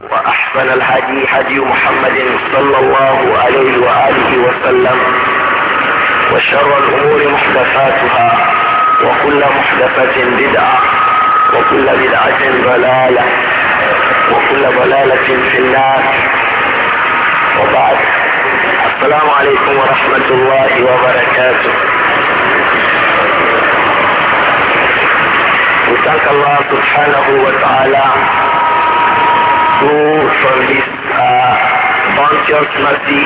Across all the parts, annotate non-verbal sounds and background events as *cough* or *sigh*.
وأحسن الهدي هدي محمد صلى الله عليه وآله وسلم وشر الأمور محدثاتها وكل محدثة بدعة وكل بدعة ضلالة وكل ضلالة في النار وبعد السلام عليكم ورحمة الله وبركاته We الله سبحانه وتعالى who from his uh, bounteous mercy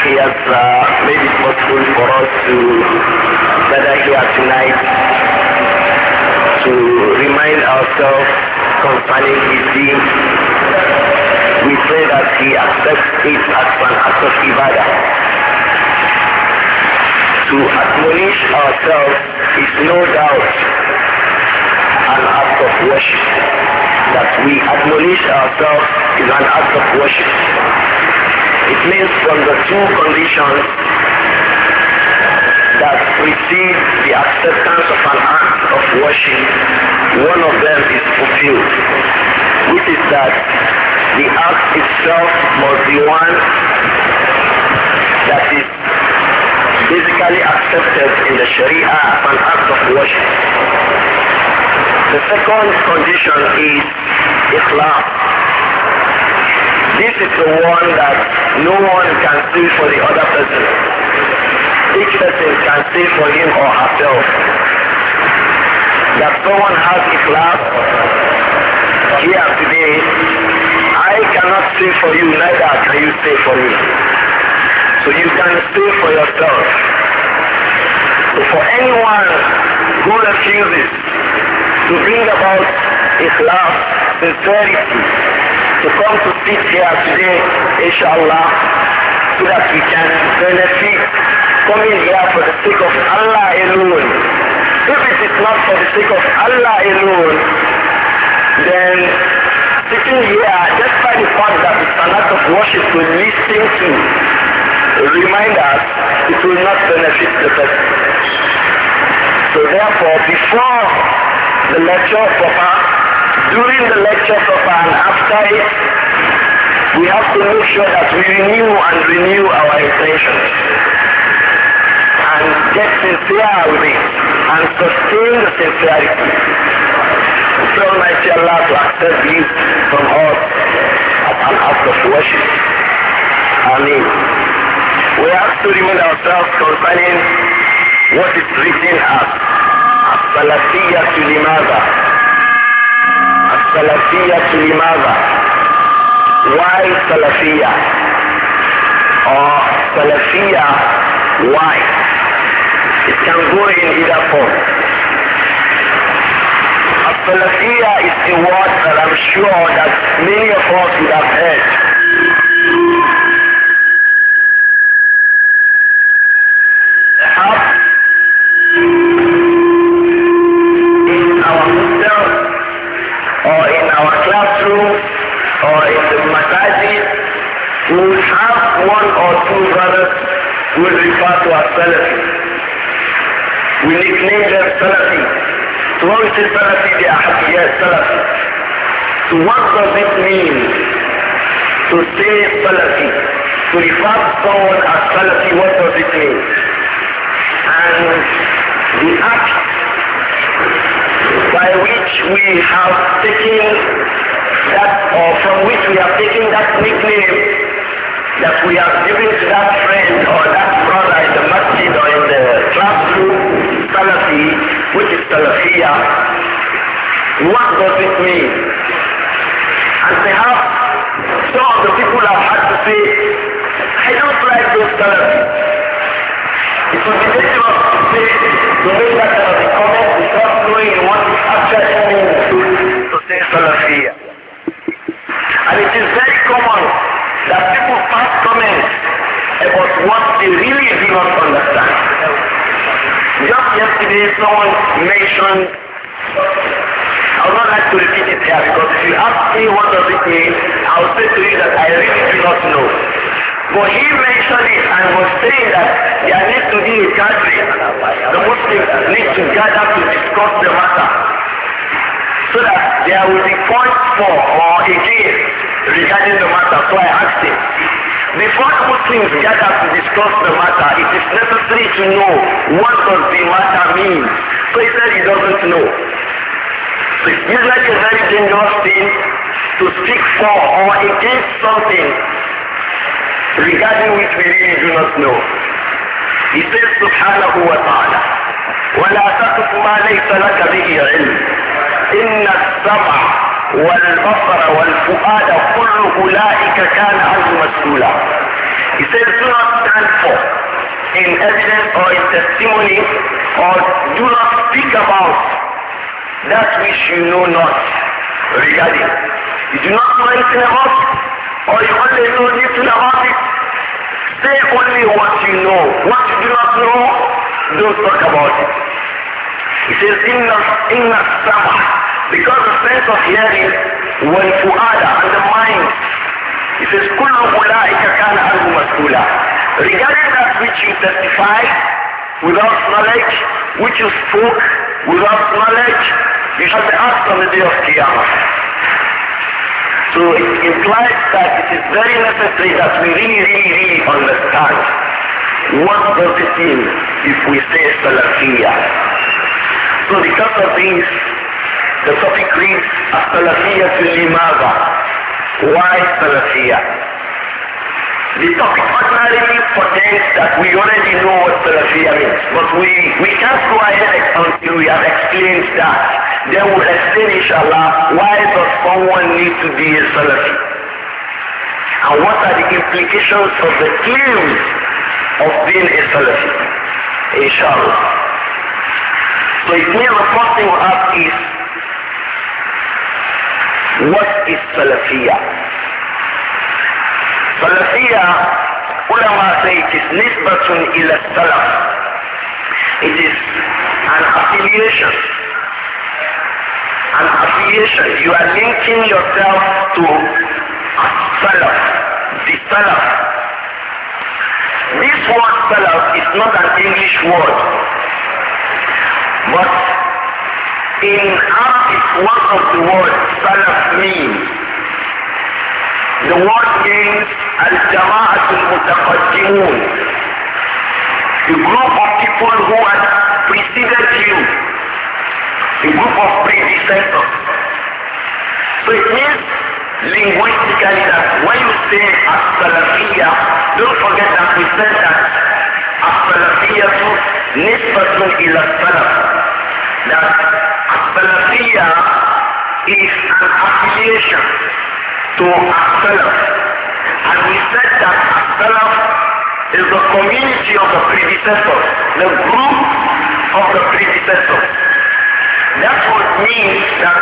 he has uh, made it possible for us to gather here tonight to remind ourselves concerning his deed. We pray that he accepts it as an act of ibadah. To admonish ourselves is no doubt worship. That we acknowledge ourselves is an act of worship. It means from the two conditions that precede the acceptance of an act of worship, one of them is fulfilled, which is that the act itself must be one that is basically accepted in the Sharia as an act of worship. The second condition is Islam. This is the one that no one can say for the other person. Each person can say for him or herself that someone has Islam here today. I cannot say for you, neither can you say for me. So you can say for yourself. So for anyone who refuses to bring about Islam, sincerity, to come to sit here today, inshallah, so that we can benefit coming here for the sake of Allah alone. If it is not for the sake of Allah alone, then sitting here, despite the fact that it's an act of worship to listen to, remind us, it will not benefit the person. So therefore, before the lecture proper, during the lecture proper and after it, we have to make sure that we renew and renew our intentions and get sincere with it and sustain the sincerity. So Almighty Allah to accept these from us as an act of worship. Amen. We have to remind ourselves concerning what is written as السلفية لماذا السلفية لماذا why سلفية or سلفية why it can go in either form السلفية is a word that I'm sure that many of us would have heard two brothers who is referred to as Salafi. We nickname them Salafi. So when we say Salafi, they are happy, yes, Salafi. So what does it mean to say Salafi? To refer to someone as Salafi, what does it mean? And the act by which we have taken that, or from which we have taken that nickname that we have given to that friend or that brother in the masjid or in the classroom, Salafi, which is Salafiyah, what does it mean? And perhaps some of the people have had to say, I don't like those Salafi. It was the nature of to say, to make that kind of comment without knowing what it actually means to say Salafiyah. And it is very common that about what they really do not understand. Just yesterday someone mentioned, I would not like to repeat it here because if you ask me what does it mean, I will say to you that I really do not know. But he mentioned it and was saying that there needs to be a gathering. The Muslims need to gather to discuss the matter so that there will be points for or against regarding the matter. So I asked him, before Muslims gather to discuss the matter, it is necessary to know what does the matter mean. So he said he doesn't know. So it's usually a very dangerous thing to speak for or against something regarding which we really do not know. He says subhanahu wa ta'ala, وَلَا تَقْفُ مَا لَيْسَ لَكَ بِهِ عِلْمٍ إِنَّ السَّمْعَ والبصر والفؤاد كل أولئك كان عنه مسؤولا He said, do not stand for in evidence or in testimony or do not speak about that which you know not regarding. You do not know anything about it or you only know little about it. Say only what you know. What you do not know, don't talk about it. He says, in the, in the summer, because the sense of hearing والفؤاد and the mind. It says كل أولئك كان عنه مسؤولا. Regarding that which you testify without knowledge, which you spoke without knowledge, you shall be asked on the day of Qiyamah. So it implies that it is very necessary that we really, really, really understand what does it mean if we say Salafiyah. So because of these, the topic reads, السلفية لماذا? Why Salafiyya? The topic ordinarily portends that we already know what Salafiyya means, but we, we can't go ahead until we have explained that. Then we'll explain, inshallah, why does someone need to be a Salafi? And what are the implications of the claims of being a Salafi? Inshallah. So it means the first thing we have is, what is Salafiyah? Salafiyah, ulama say it is nisbatun ila salaf. It is an affiliation. An affiliation. You are linking yourself to salaf, the salaf. This word salaf is not an English word. But in Arabic, one of the words salaf means. The word means al-jama'at al-mutaqaddimun. The group of people who had preceded you. The group of predecessors. So it means linguistically that when you say as-salafiyya, don't forget that we said that as-salafiyya nisbatun ila salaf. that Salafiyya is an affiliation to Salaf. And we said that Salaf is the community of the predecessors, the group of the predecessors. That would mean that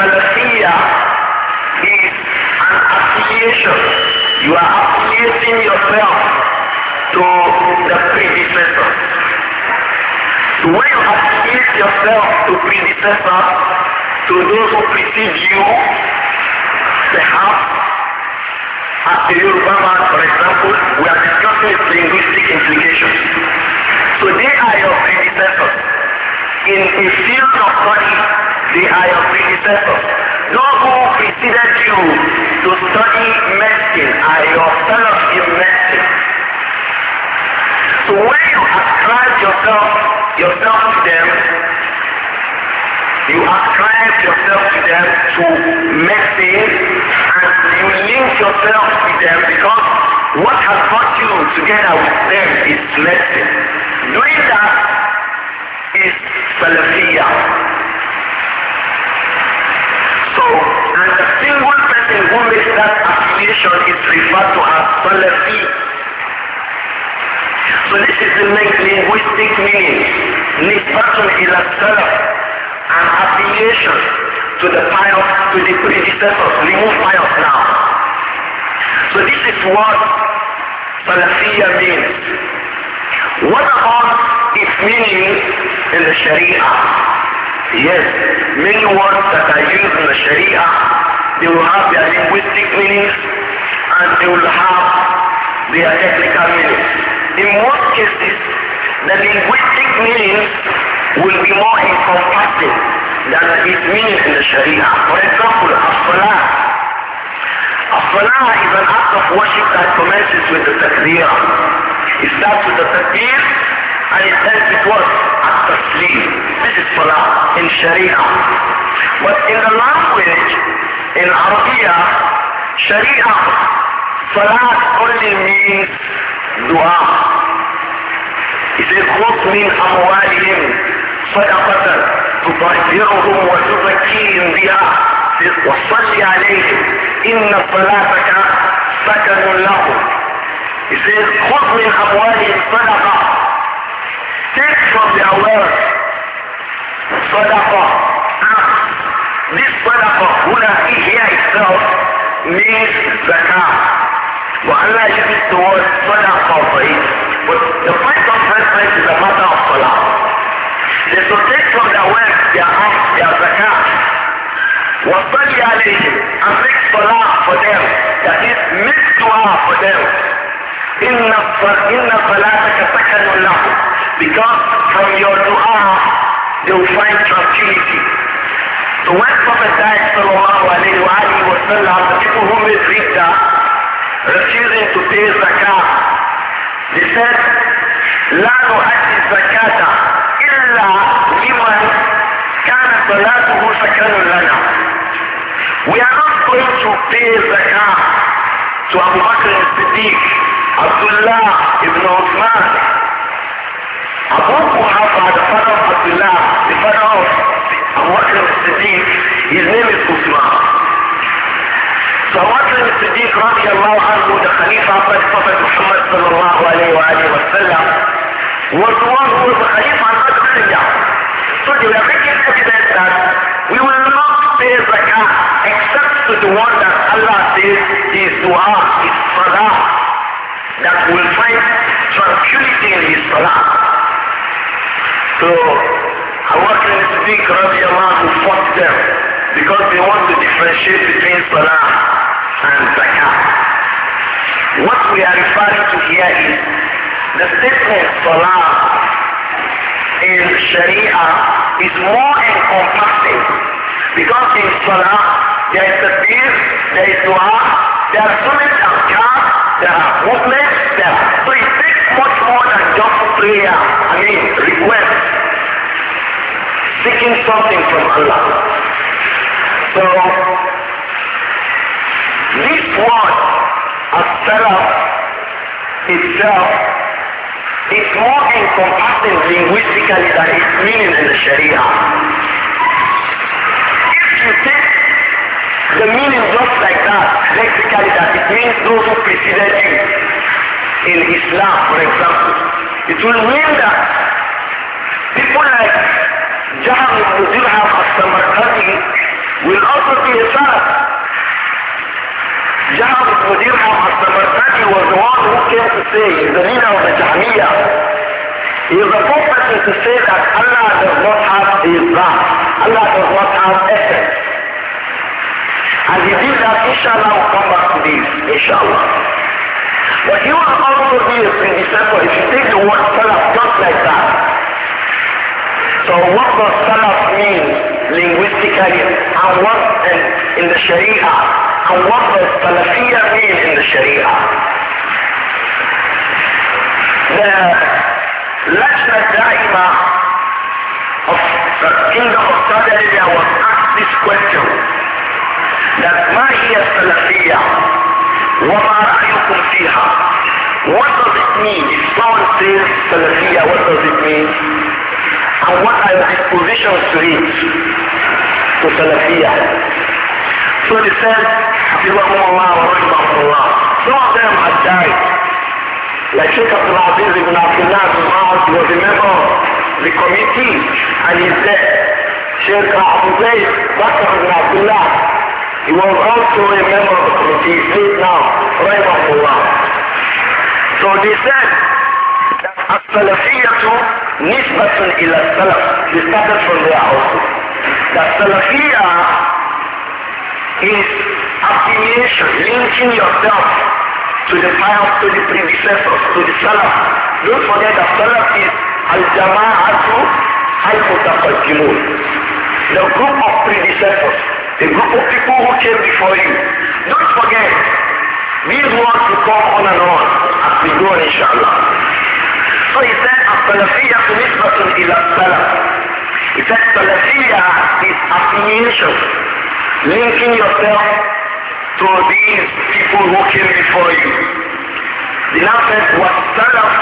Salafiyya is an affiliation. You are affiliating yourself to the predecessors. So When you associate yourself to predecessors, to those who precede you, perhaps, as the Yoruba man, for example, we are discussing linguistic implications. So they are your predecessors. In the field of study, they are your predecessors. Those who preceded you to study medicine are your fellows in medicine. So when you ascribe yourself, yourself to them, you ascribe yourself to them to message and you link yourself to them because what has brought you together with them is blessing. Doing that is Salafiyah. So, and the single person who makes that affiliation is referred to as Salafi. So this is the linguistic meaning. Nisbatun ila salaf, an affiliation to the pious, to the predecessors. Remove pious now. So this is what Salafiyya means. What about its meaning in the Sharia? Yes, many words that are used in the Sharia, they will have their linguistic meanings and they will have they technical In most cases, the linguistic meaning will be more encompassing than its meaning in the Sharia. For example, as-salah. is an act of worship that commences with the takbir. It starts with the takbir and it ends with what? At-taslim. This is salah in Sharia. But in the language, in Arabia, Sharia صلاة كل means dua. He خُذْ مِنْ أَمْوَالِهِمْ صَدَقَةً تُطَهِّرُهُمْ وَتُزَكِّيهِمْ بِهَا وَصَلِّ عَلَيْهِمْ إِنَّ صَلَاتَكَ سَكَنٌ لَهُمْ He خُذْ مِنْ أَمْوَالِهِمْ صَدَقَةً Take from their صَدَقَةً ah, This صَدَقَة هنا هي itself means زكاة For Allah uses the word sadaqah for it. But the point of reference is a matter of salah. They should take from their wealth, their house, their zakat. وصلي عليهم and make salah for them. That is, make dua for them. إن إن صلاتك سكن لهم. Because from your dua they will find tranquility. So when Prophet died, sallallahu alayhi wa sallam, the people who made that refusing to pay zakat. They said, لا نؤدي الزكاة إلا لمن كان صلاته شكرا لنا. We are not going to pay zakat to Abu Bakr al-Siddiq, Abdullah ibn Uthman, Abu Kuhafa, the father of Abdullah, the father of Abu Bakr al-Siddiq, his name is Uthman. فمسلم الصديق رضي الله عنه ده خليفة عبد صفة محمد صلى الله عليه وآله وسلم وزوان هو خليفة عن قد خليفة So you have recognized that we will not pay zakat except to the one that Allah says is dua, is salah, that will find tranquility in his salah. So I Abu Bakr Siddiq radiallahu who fought them because they want to differentiate between salah and zakah. What we are referring to here is the statement salah in Sharia is more encompassing because in salah there is a takbir, there is dua, there are so many azkar, there are movements, there are, so it takes much more than just prayer, I mean request, seeking something from Allah. So this one, as-salaf itself, is more encompassing linguistically than its meaning in the Sharia. If you take the meaning just like that, lexically that it means those who preceded you in Islam, for example, it will mean that people like Jahan ibn Dirham al-Samarkandi will also be a Salaf. جعل مدير محاسباتي was the one who came to say, he's the leader of the Jahmiya. He is the first person to say that Allah does not have his wrath. Allah does not have essence. And he did that, inshallah, will come back to this, inshallah. But you will also be a predecessor if you take the word salaf just like that. So what does salaf mean linguistically and what in, in the sharia? هنوضح السلفية مين من الشريعة ده لجنة دائمة in the study I was asked this question that ما هي السلفية وما رأيكم فيها what does it mean if someone says Salafia what does it mean and what are your dispositions to it to Salafia 27, Hafizahumullah wa Rahimahumullah. Some of them had died. Like Sheikh Abdul Aziz ibn Abdullah ibn Mahmoud was a member of the committee and he's dead. Sheikh Abdullah Bakr ibn Abdullah, he was also a member of the committee, he's dead now, Rahimahullah. So they said, السلفية نسبة إلى السلف. They started from there also. The Salafiyah is affiliation, linking yourself to the pious, to the predecessors, to the salaf. Don't forget that salaf is al-jama'atu al-mutaqaddimun. The group of predecessors, the group of people who came before you. Don't forget, these words will come on and on as we go on inshallah. So he said, السلفية نسبة إلى Salaf. He said, Salafiyah is affiliation. linking yourself to these people who came before you. The last said, what stand up?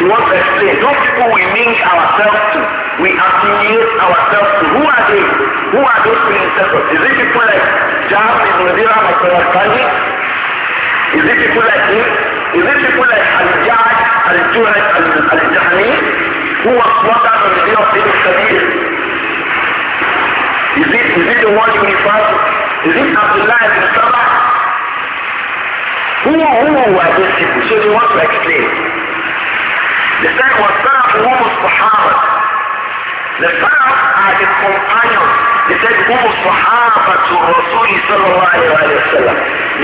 He wants to explain. Those people we link ourselves to, we affiliate ourselves to. Who are they? Who are those predecessors? Is it people like Jam, Ibn Dira, Michael Is it people like him? Is it people like Al-Jaj, Al-Juhaj, Al-Jahani? Who was slaughtered on the day of Ibn Is it the one you refer to? Is it Abdullah ibn Sabah? Who, who were these people? So they want to explain. The fact was Sarah whom Sahaba. The Sarah are the companions. They said whom Sahaba to Rasul sallallahu alayhi wa sallam.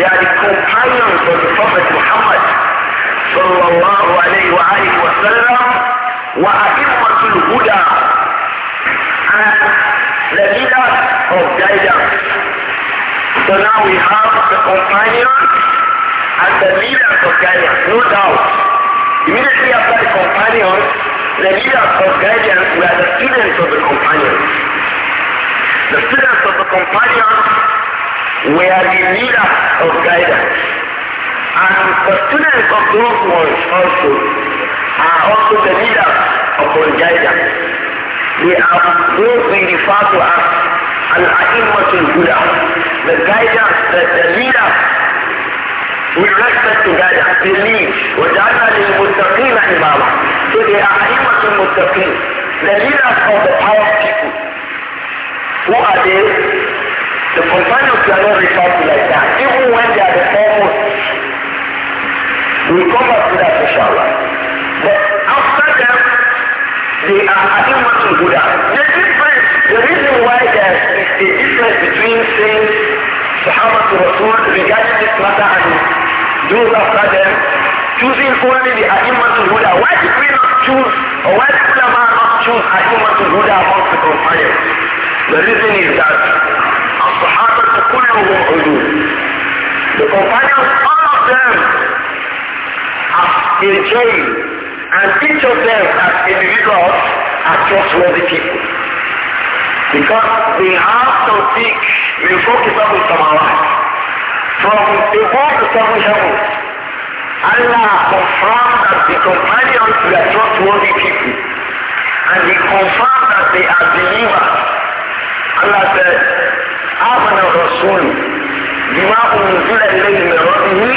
They are the companions of the Prophet Muhammad sallallahu alayhi wa alayhi wa sallam. وأئمة الهدى and the leader of guidance. So now we have the companion and the leader of guidance, no doubt. Immediately after the companion, the leader of guidance were the students of the companion. The students of the companion were the leader of guidance. And the students of those ones also are also the leaders of guidance. They are those we refer to as Al-A'immatul Huda, the guidance, the, the leader with respect to guidance, the lead. وَجَعَلْنَا لِلْمُتَّقِينَ إِمَامًا So they are A'immatul Muttaqin, the leaders of the power of people. Who are they? The companions are not referred to like that, even when they are the foremost. We come up to that inshallah. But They are animals to Buddha. The difference, the reason why there is a difference between saying Sahaba to Rasul regarding this matter and those after them, choosing only the animals to Buddha. Why did we not choose, or why did Ulama not choose animals to Buddha amongst the companions? The reason is that Sahaba to Kulluhum Udud. The companions, all of them, have a jail and each of them as individuals are trustworthy people. Because they have something we focus on from our life. From the whole to seven heavens, Allah confirmed that the companions were trustworthy people. And he confirmed that they are believers. Allah said, آمن الرسول بما أنزل إليه من ربه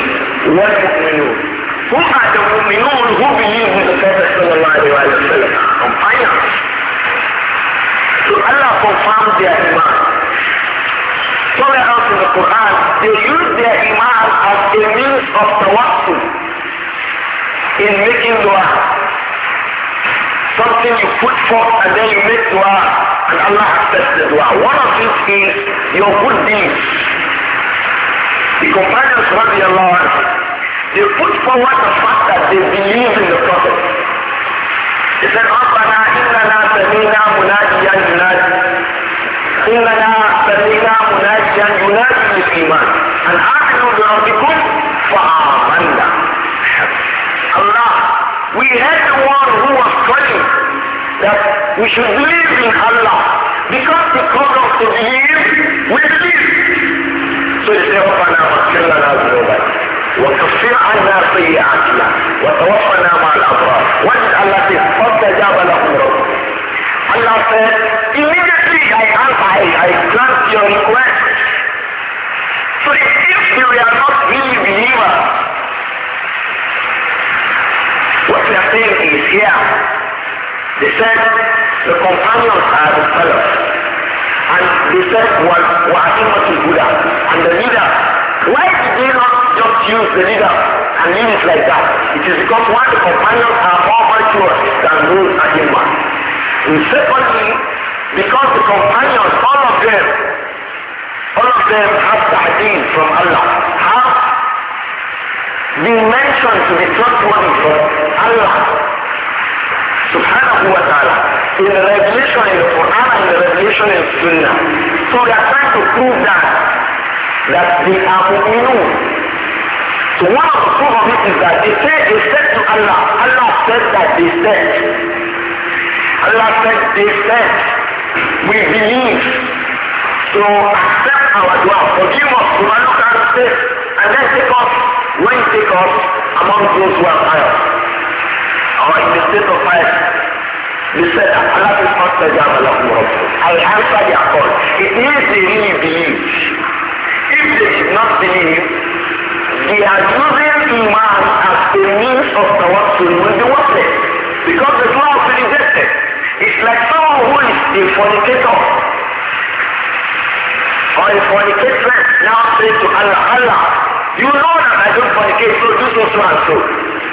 والمؤمنون. Who are the mu'minun who believe sallallahu alaihi wa sallam companions. So Allah confirmed their iman. Somewhere else in the Quran, they use their iman as a means of tawakkul in making dua. Something you put forth and then you make dua and Allah accepts the dua. One of these is your good deeds. The companions, radiallahu anhu, they put forward the fact that they believe in the Prophet. إذا ربنا إننا سمينا مناديا ينادي إننا سمينا مناديا ينادي للإيمان أن آمنوا بربكم فآمنا Allah, we had the one who was praying that we should believe in Allah because the cause of the belief, we believe. So it's said, ربنا اغفر لنا وتصير عنا سيئاتنا وتوفنا مع الابرار واسال التي this فاستجاب لهم رب Allah said immediately I answer I, I grant your request so if, you are not really believers what we are saying is here yeah, they said the companions are the fellows and they said what what I think what is and the leader why use the leader and use it like that. It is because one, the companions are more virtuous than those at Imam. And secondly, because the companions, all of them, all of them have ta'deen from Allah, have been mentioned to be trustworthy from Allah subhanahu wa ta'ala in the revelation in the Quran and the revelation in Sunnah. So we are trying to prove that that the Amu'minun So one of the proof of it is that they said they said to Allah, Allah said that they said. Allah said they said, we believe. So accept our dua, forgive us, do not look at us, and then take us, when take us among those who are pious. Or in the state of piety. They said that Allah is not the Jabal of I answer their call. It is the really believe if they should not believe, they are using Iman as a means of tawassul with the worthless. Because the Quran is rejected. It's like someone who is a fornicator or a fornicatress now says to Allah, Allah, you know that I don't fornicate, so do so, so and so.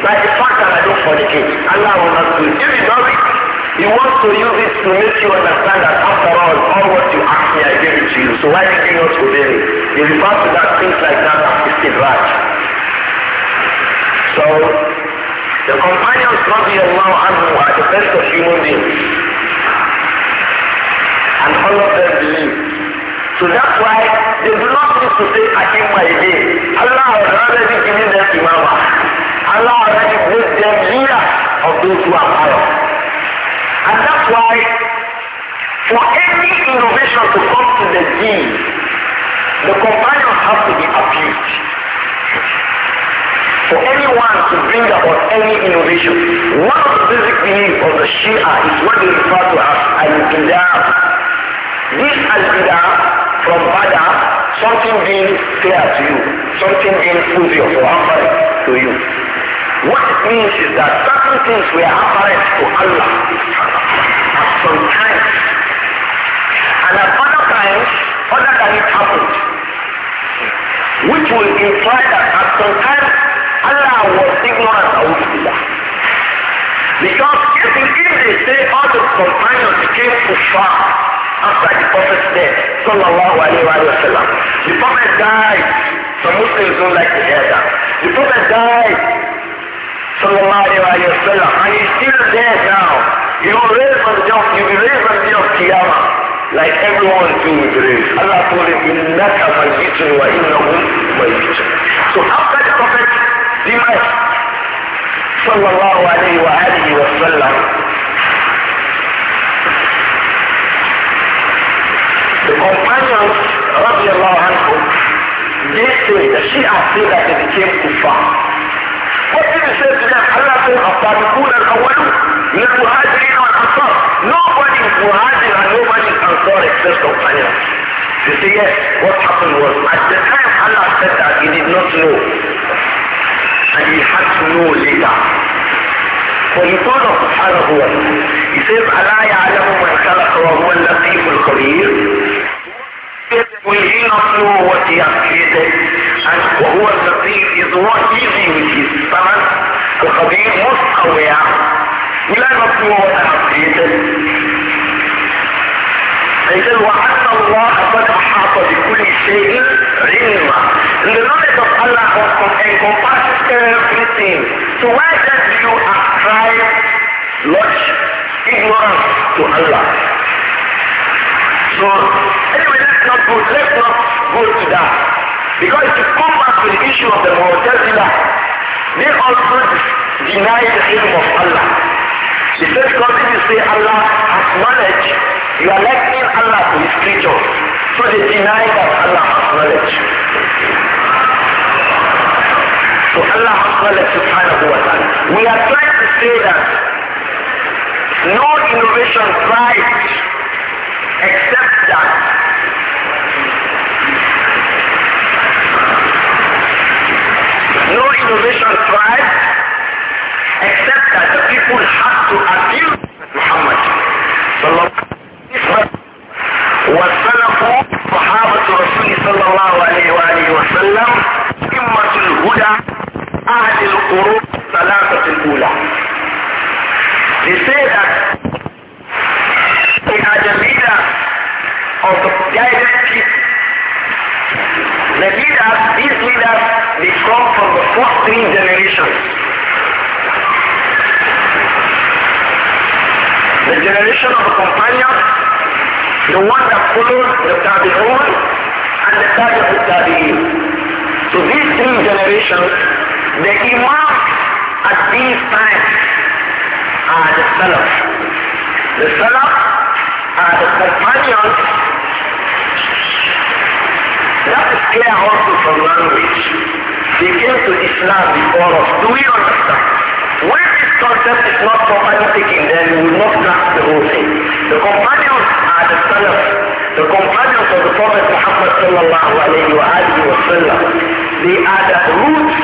Like the fact that I don't fornicate, Allah will not do it. If you know it, He wants to use it to make you understand that after all, all what you asked me, I gave it to you. So why did you not obey me? He refers to that things like that as right. So the companions radiallahu anhu are the best of human beings. And all of them believe. So that's why they do not need to say my day. Allah has already given them Imama. Allah already made them leader of those who are pious. And that's why for any innovation to come to the deen, the companions have to be abused. For anyone to bring about any innovation, one of the basic beliefs of the Shia is what they refer to as al-bid'ah. This al-bid'ah from Bada, something being fair to you, something being fuzzy or apparent to you. What it means is that certain things were apparent to Allah sometimes. And at other times, other things happen, Which will imply that at some time, Allah was ignorant of Billah. Because if they say all the companions to kuffar after the Prophet's death, sallallahu alayhi wa sallam, the Prophet died. Some Muslims don't like to hear that. The Prophet died, sallallahu alayhi wa sallam, and he's still there now. You will raise and jump, you will raise and jump Qiyamah. Like everyone too will be Allah told him, in in Naka my you are the مَيِّتٌ my مَيِّتٌ So after the Prophet Dimash, alayhi wa عليه wa sallam, the companions, رضي الله they say, the Shia say that they became Kufa. What did he say to them? Allah said, أَصَّابِقُونَ الْأَوَّلُونَ say yes, what happened was at the time Allah said that he did not know. And he had to know later. For he told of Allah wa ta'ala. He says, Allah ya'alamu man khalaqa wa huwa al-latif al-khabir. Will he not know what he has created? And wa huwa al-latif is what one easy with his stomach. The khabir most aware. Will I not know what I have created? And he said, shay'in ilma. And the knowledge of Allah encompasses everything. So why then do you ascribe such ignorance to Allah? So anyway, let's not go, let's not go to that. Because to come back to the issue of the Mu'tazila, they also deny the ilm of Allah. The first concept is say Allah has knowledge. You are likening Allah to his creatures. So they deny that Allah knowledge. So Allah subhanahu wa ta'ala. We are trying to say that no innovation thrives except that language. They came to Islam before us. Do we understand? When this concept is not properly taken, then we will not grasp the whole thing. The companions are the Salaf. The companions of the Prophet Muhammad sallallahu alayhi wa alihi wa sallam, they are the roots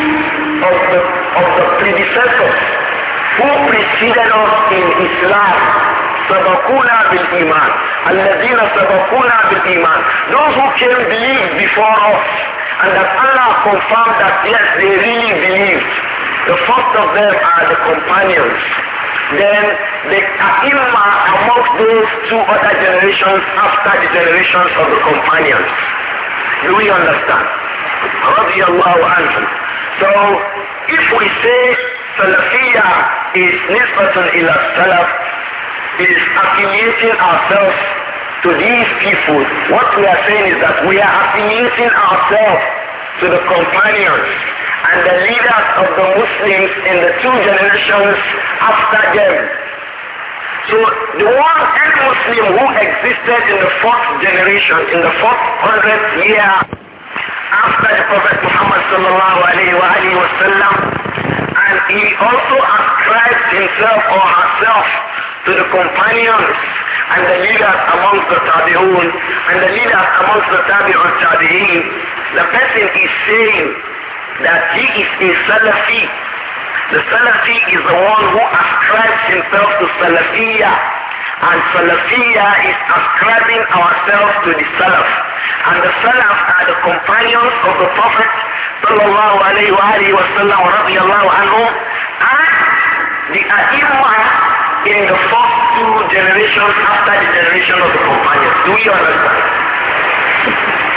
of the, of the predecessors who preceded us in Islam. سبقونا بالإيمان الذين سبقونا بالإيمان those who came believe before us and that Allah confirmed that yes, they really believe. The first of them are the companions. Then the Aima amongst those two other generations after the generations of the companions. Do we understand? Radiallahu anhu. So, if we say Salafiyya is nisbatun ila Salaf, it is affiliating ourselves to these people, what we are saying is that we are affiliating ourselves to the companions and the leaders of the Muslims in the two generations after them. So the one any Muslim who existed in the fourth generation, in the fourth hundredth year after the Prophet Muhammad sallallahu alayhi wa alayhi wa sallam, and he also ascribed himself or herself to the companions and the leaders amongst the Tabi'un and the leaders amongst the Tabi'un Tabi'in, the person is saying that he is a Salafi. The Salafi is the one who ascribes himself to Salafiyya and Salafiyya is ascribing ourselves to the Salaf. And the Salaf are the companions of the Prophet sallallahu alayhi wa sallam radiallahu anhum and the ai in the first two generations after the generation of the companions. Do we understand?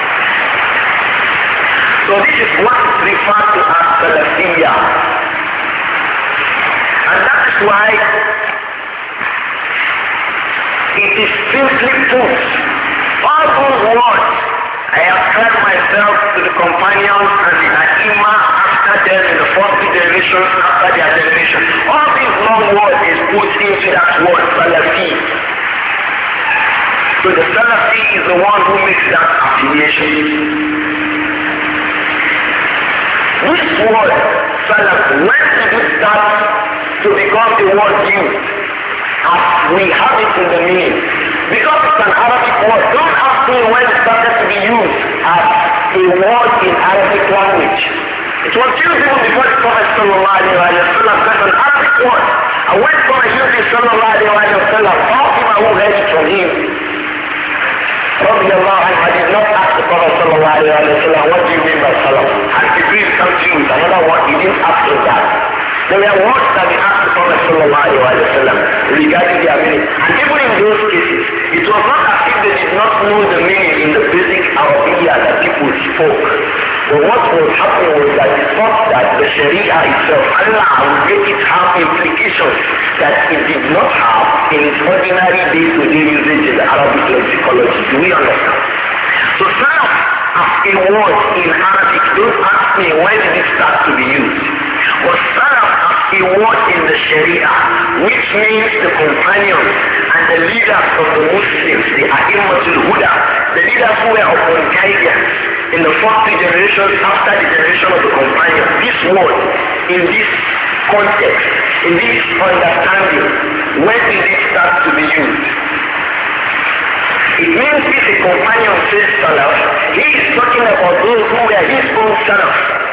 *laughs* so this is what is referred to as Salafiyya. And that is why it is simply put, all those words, I ascribe myself to the companions and the Aima after them in the 40 generation after their generation. All these long words is put into that word, Salafi. So the Salafi is the one who makes that affiliation. This word, Salaf, when did it start to become the word used? As we have it in the meaning. Because it's an Arabic word, don't ask me when it started to be used as a word in Arabic language. It was usable before the Prophet sallallahu alayhi wa sallam said an Arabic word. And when Prophet Yusuf sallallahu alayhi wa sallam taught him who heard it from him, radiallahu I did not ask the Prophet sallallahu alayhi wa sallam, what do you mean by salam? Had Jibreel come to you with another word, he didn't ask him that. There were words that he asked the Prophet sallallahu alayhi wa sallam regarding their meaning. And even in those cases, it was not as if they did not know the meaning in the basic Arabic Who spoke. But what was happening was that it's not that the Sharia itself, Allah would make it have implications that it did not have in its ordinary day-to-day usage in Arabic lexicology. Do we understand? So Salaf as a word in Arabic, don't ask me when did it start to be used. But Salaf as he was in the Sharia, which means the companion and the leaders of the Muslims, the Aimmatul Huda, the leaders who were upon guidance in the first generation after the generation of the companions, This word, in this context, in this understanding, when did it start to be used? It means if a companion says Salaf, he is talking about those who were his own Salaf.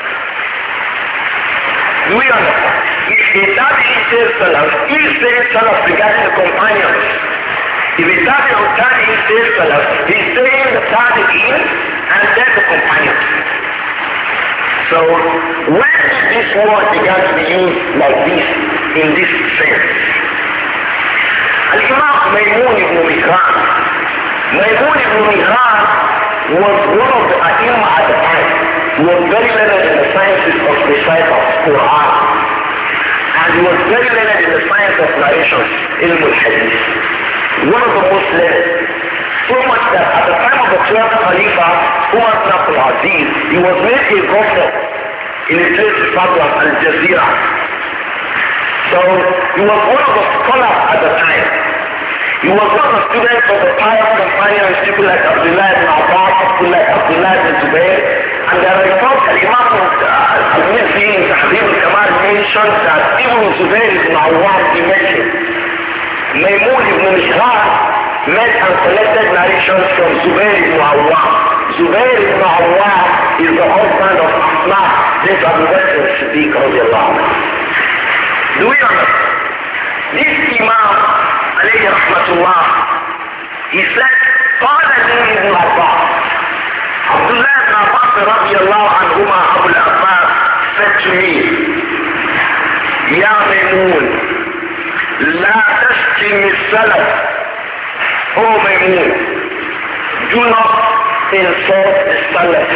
Muy honest. If Dabi says salam, he says salam regarding the companions. If it's Dabi or Tabi says salam, he's saying the Tabi'in and then the companions. So, when this word began to be used like this, in this sense? Al-Imam Maymun ibn Mihran, Maymun ibn Mihran was one of the A'imah at the time. was very learned sciences of the type of Quran and he was very learned in the science of narration, ilm al-hadith. One of the most learned. So much that at the time of the 12th Khalifa, Umar ibn Abdul Aziz, he was made a governor in a place referred to Al-Jazeera. So he was one of the scholars at the time. He was not a student of the pious companions, people like Abdullah ibn Abbas, people like Abdullah ibn Zubair. And there are reports that Imam al-Tirmidhi uh, in kamal mentioned that even Zubair ibn Awam he mentioned. Maymun ibn Mishhar met and collected narrations from Zubair ibn Awam. Zubair ibn Awam is the husband of Asma, this Abu Bakr Siddiq radiallahu anhu. Do we understand? This Imam عليه رحمة الله يسلك قال لي ابن عباس عبد الله بن عباس رضي الله عنهما أبو العباس فتمي يا ميمون لا تشتم السلف هو ميمون do not insult the salaf.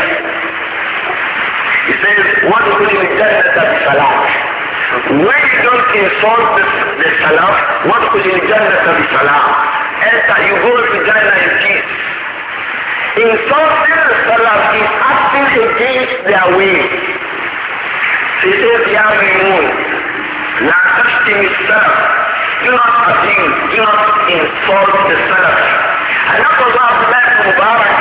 He says, one who is intended to be salat. When you don't insult the, the salam, what could you Jannah to be Enter, you go to Jannah in peace. Insulting the salam is acting against their way. They says they are removed. La tashtim salam. Do not abuse, do not insult the salam. And that was what to Mubarak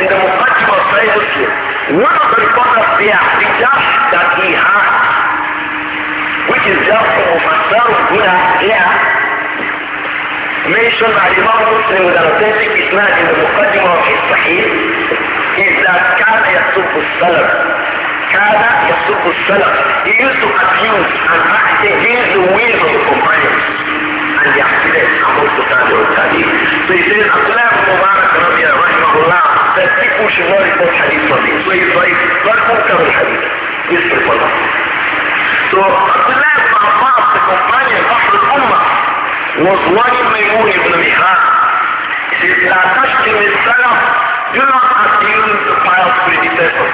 in the Muqaddim of Sahih One of the reporters there, the judge that he had, الجر ومصدر هنا هنا منشن على الإمام مسلم ودرسات اسمها في المقدمة وفي الصحيح إذا كان يسب السلف كان يسب السلف He used to abuse and act against the will of the companions and the accidents among the Tabi So he says, Abdullah ibn Mubarak rahimahullah that people should not report hadith from him. So he's very, very comfortable hadith. Yes, people. So Abdullah ibn Abbas, the companion of the Ummah, was warning Maymun ibn Mihran. He says, La tashtim salam, do not assume the pious predecessor.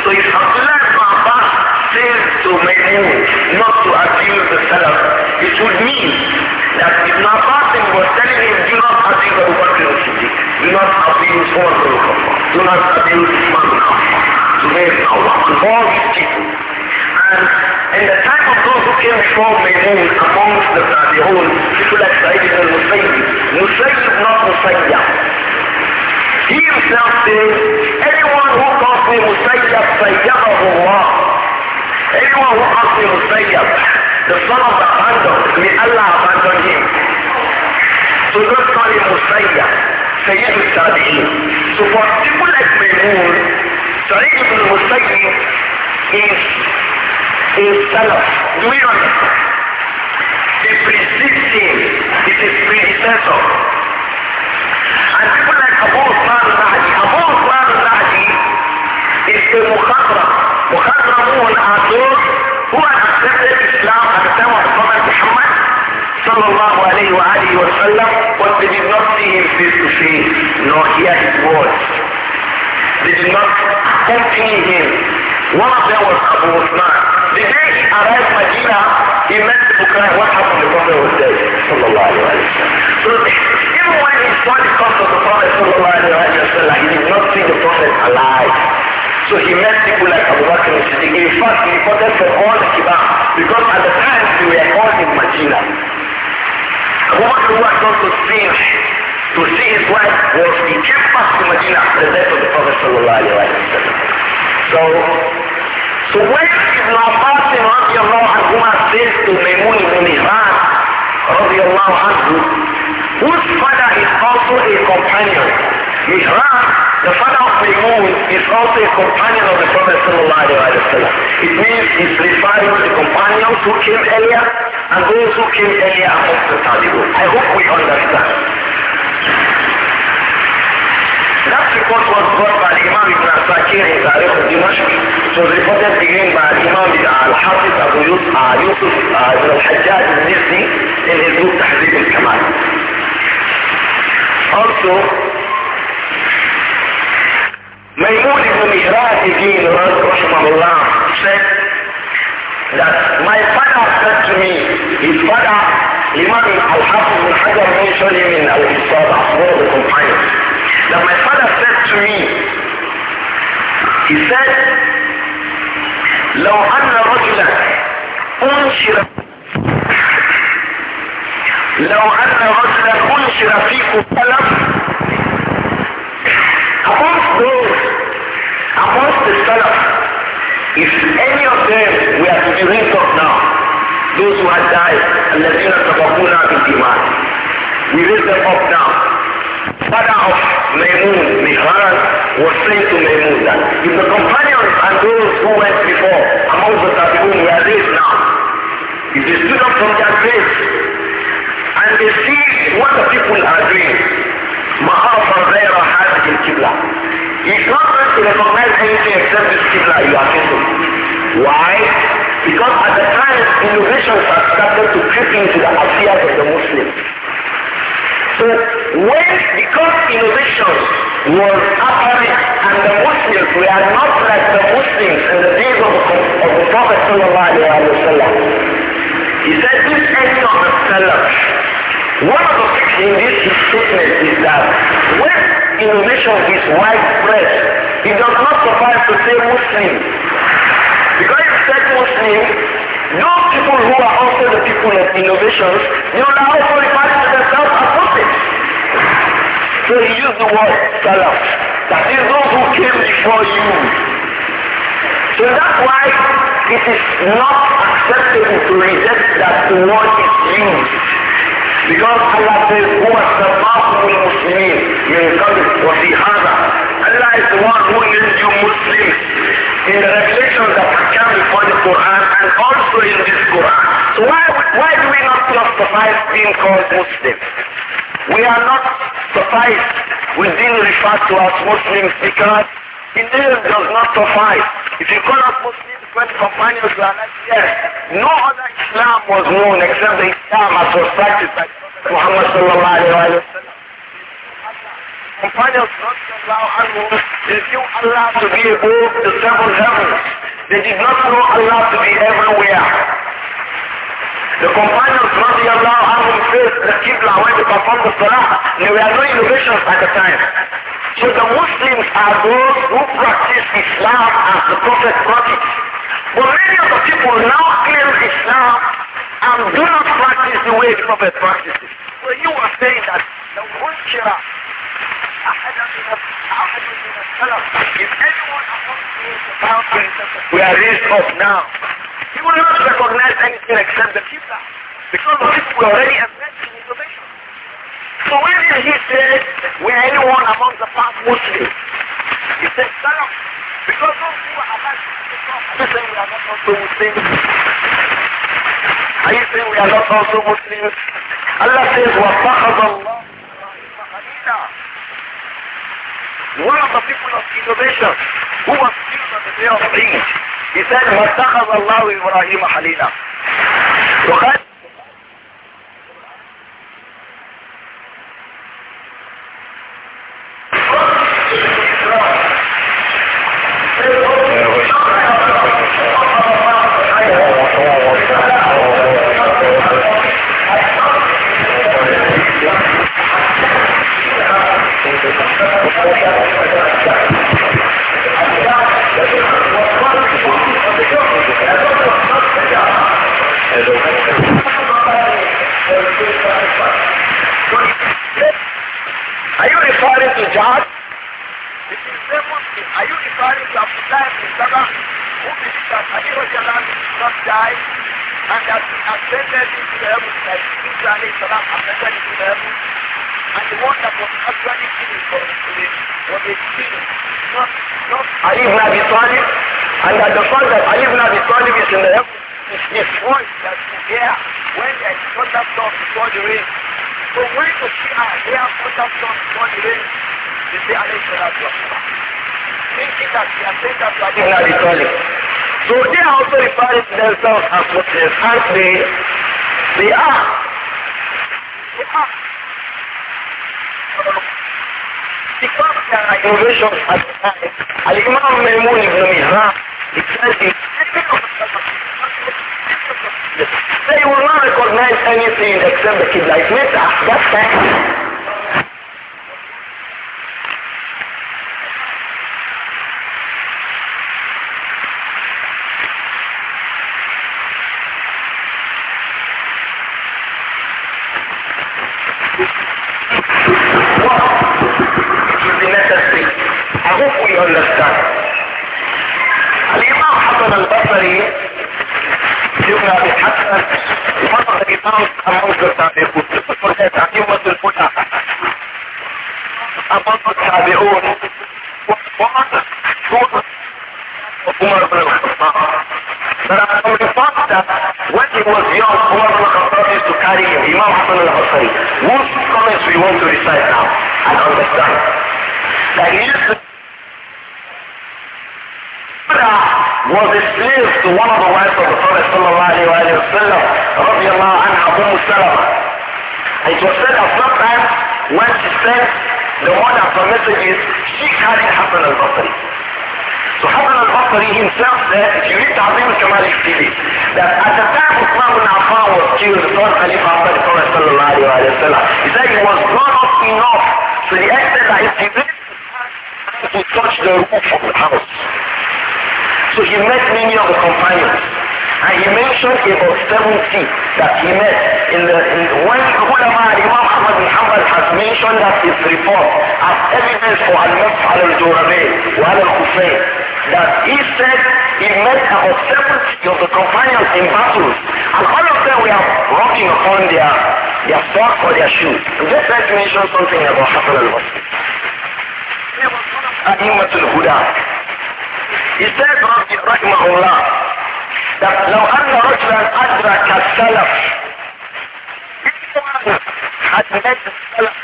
So if Abdullah ibn Abbas says to Maymun not to assume the salam, it would mean that Ibn Abbas was telling him, do not assume Abu Bakr al-Siddiq, do not assume Umar al-Khattab, do not assume Usman al-Khattab, Zubayr al-Awwaq, all these people. And in the time of those who came before Maymun amongst the Tabi'un, people like Sa'id ibn Musayyib, Musayyib not Musayyab. He himself says, anyone who calls me Musayyab, Sayyabahu Allah. Anyone who calls me Musayyab, the son of the abandon, may Allah abandon him. So don't call him Musayyab, Sayyid al-Tabi'in. So for people like Maymun, Sa'id ibn Musayyib is instaló Miren, the pre-existing is his predecessor. And people like Abu Usman Abu Usman Zahdi is the Mukhadra. Mukhadra are those who have accepted Islam at the time of Prophet Muhammad صلى الله عليه وآله وسلم but they did not see him face to face nor hear his words. They did not accompany him. One of them was Abu Usman. The day he arrived Medina, he met Bukhari. What happened? The Prophet was dead. Sallallahu alayhi wa sallam. So even when he saw the cost of the Prophet sallallahu alayhi wa sallam, he did not see the Prophet alive. So he met people like Abu Bakr and Siddiq. In fact, he reported from all the Kibar because at the time we were all in Medina. Abu Bakr was not to see to see his wife was he came back to Medina after the death of the Prophet sallallahu alayhi wa sallam. So So when Ibn Abbas radiallahu anhu says to Maimun ibn Mihran radiallahu anhu, whose father is also a companion, Mihran, the father of Maimun, is also a companion of the Prophet sallallahu alayhi wa It means he's referring to the companions who came earlier and those who came earlier amongst the Taliban. I hope we understand. That's because what God أساكير تاريخ دمشق تدركون تنتجين مع الإمام بتاع الحافظ أبو يوسف يوسف بن الحجاج النزي اللي يدوب تحذيب الكمال Also, Maimon ibn Mihrat again, rahimahullah, said that my father said to me, his father, Imam al-Hafiz al-Hajar mentioned him in al-Isad, one of the companions, that my father said to me, الثاني لو أن رجلا أنشر لو أن رجلا أنشر فيك قتلة amongst those amongst the Salaf if any of them were to be raised up now those who had died and the children of Abuna in demand, we raise them up now father of Maimun, Mihara was sent to Memuda. If the companions and those who went before among the Tabi'un were this now, if they stood up from their place and they see what the people are doing, Mahafar there has in Qibla. It's not going to recognize anything except this Qibla you are facing. Why? Because at the time, innovations have started to creep into the affairs of the Muslims. So when, because innovations was apparent and the Muslims are not like the Muslims in the days of, the, of the Prophet He said this end of the Salaf, one of the things in this statement is that when innovation is widespread, it does not suffice to say Muslim. Because it said Muslim, those people who are also the people of innovations, they will also refer to themselves as so he used the word salaf. That is those who came before you. So that's why it is not acceptable to reject that the word is used. Because Allah says, who has the mouth of Muslim, may come the other. Allah is the one who made you Muslims in the revelations that have come before the Quran and also in this Quran. So why, why do we not classify being called Muslims? We are not surprised with being referred to as Muslims because the does not suffice. If you call us Muslims when companions are not yes, no other Islam was known except the Islam as was practiced by Muhammad sallallahu alayhi wa sallam. Companions not allow Allah, they knew Allah to be above the seven heavens. They did not know Allah to be everywhere. The companions, radiallahu anhum, faced the Qibla when they performed the Salah. There were no innovations at the time. So the Muslims are those who practice Islam as the Prophet practiced. But many of the people now claim Islam and do not practice the way the Prophet practiced So you are saying that the Wunshira, if anyone among you is about we are raised up now. في molecular corneal and Alexander Kipla because of this we already have mentioned in rotation. So when he said, will anyone among the past Muslims? He said, Salam, because those who are attached to the Prophet, we are not also Muslims. Are you saying we are not also Muslims? Allah says, وَفَخَضَ اللَّهُ One of the people of innovation who was killed on the day of age, مثال ما اتخذ الله إبراهيم حليلا وقد that the fact that Ali ibn Abi Talib is in the heaven is the voice that you hear when a thunderstorm before the rain. So when the Shia hear thunderstorm before the rain, they say Ali ibn Abi Talib. Thinking that they are saying that to Ali ibn Abi Talib. So they are also referring to themselves as Muslims, as they, they are. They are. Because there are innovations at the time, Al-Imam Maimun ibn Mihran because they will not recognize anything except the Qibla. It's Mesa, that's fact. One of the amounts among the Tabi'un, this Tabi'un, one student of Umar ibn al-Khattab. There are some reports that Imam Hassan al-Husari. Whose comments we want to recite now and understand? That he used to was explained to one of the wives of the Prophet sallallahu alayhi wa sallam, radiallahu anha, Umm Salama. It was said that sometimes when she said the mother of the message is, she carried Hassan al-Basri. So Hassan al-Basri himself said, if you read Ta'zim al-Kamal al-Sidi, that at the time Uthman bin Affan was killed, the first caliph after the Prophet sallallahu alayhi wa sallam, he said he was grown up enough to the extent that he did to touch the roof of the house. So he met many of the companions. And he mentioned about 70 that he met in the, in the when ulama Imam Ahmad bin Hanbal has mentioned that his report as evidence for al-Masf al-Jurabi wa al-Hussein that he said he met about 70 of the companions in battles and all of them were rocking upon their their socks or their shoes. And just let me mention something about Hassan al-Basri. He was one of Huda he said, Rahimahullah, that لو أن رجلا أدرك السلف had met the Salaf.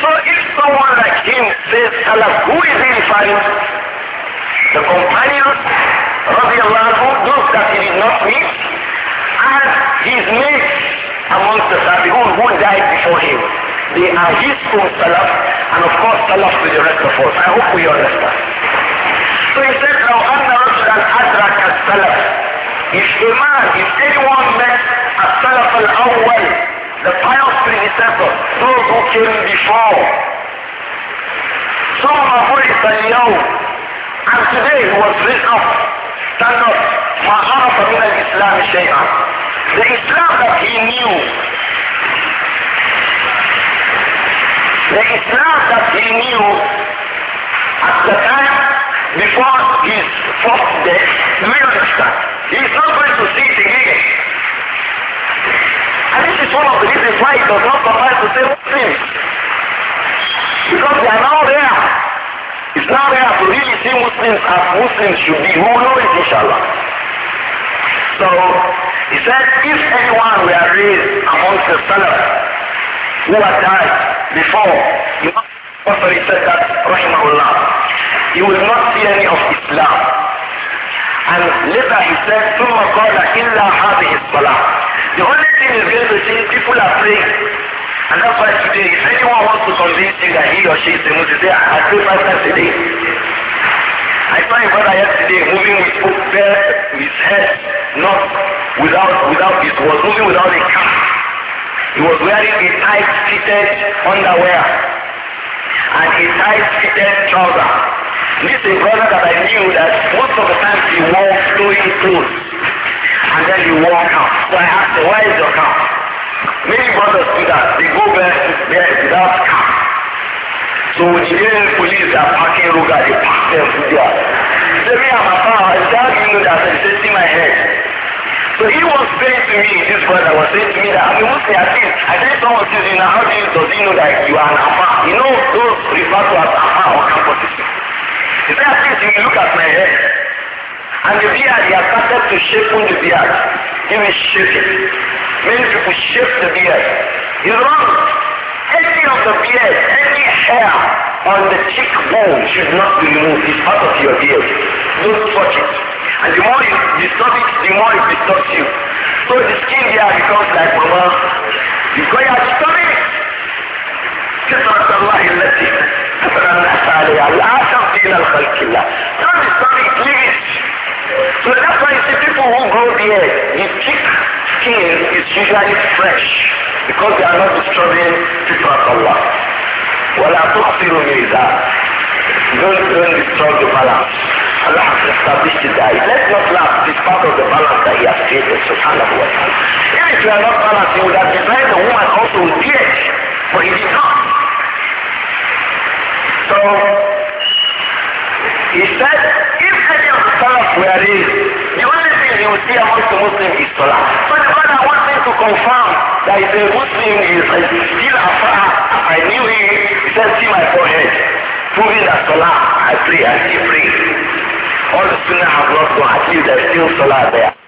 So if someone like him says Salaf, who is he referring to? The companions, radiallahu those that he did not meet, and his mates amongst the Sabihun who died before him. They are his own Salaf, and of course Salaf to the rest of us. I hope we understand. So he said, لو ان رجلا ادرك السلف اجتماع يبتدي anyone السلف الاول the pious predecessor those who came before ثم بعث اليوم and today he was raised up stand up ما عرف من الاسلام شيئا the islam that he knew the islam that he knew at the time before his fourth death, do you understand? He is not going to see it again. And this is one of the reasons why he does not suffice to say things. Because they are now there. It's now there to really see Muslims as Muslims should be, who know it, inshallah. So, he said, if anyone were raised amongst the Salaf who had died before, Imam Bukhari said that, Rahimahullah, you will not see any of Islam. And later he said, ثم قال إلا هذه الصلاة. The only thing is going to change, people are praying. And that's why today, if anyone wants to convince you that he or she is a Muslim, say, I pray five times a day. I saw a brother yesterday moving with both bare, his head, not without, without, it was moving without a cap. He was wearing a tight fitted underwear and a tight fitted trouser. This a brother that I knew that most of the time he wore flowing clothes and then he wore cap. So I asked him, why is your cap? Many brothers do that. They go there, there without car. So when Nigerian police are parking Ruga, they park them to there. So me and my father, I tell you know that I'm testing my head. So he was saying to me, this brother was saying to me that, I mean, what's the thing? I think someone says, you know, how do you, does he know that you are an Afa? You know, those refer to as Afa or campuses. He said, at least you look at my head. And the beard, he has started to shape on the beard. He will shape it. Many people shape the beard. He's wrong. Any of the beard, any hair on the cheek bone should not be removed. It's part of your beard. Don't touch it. And the more you disturb it, the more it disturbs you. So the skin there becomes like mama. You go your stomach. كثرة الله التي كثر الناس عليها الآن إلى الخلق الله. That is Islamic limit. So that's why you see people who grow beard, the thick skin is usually fresh because they are not disturbing people of Allah. ولا تخسروا الميزان. Don't, don't disturb the balance. Allah has established it there. Let's not laugh. It's part of the balance that He has created. So Subhanahu wa ta'ala. If you are not balanced, you would have designed a woman also with beard. But He did not. So, He said, if any of the Salaf were raised, the only thing you will see amongst the Muslims is Salah. So the father wants me to confirm that if a Muslim is still afar, I knew him, he said, see my forehead, proving that Salah, I pray, I still pray. All the sooner have not gone, at least there's still Salah there.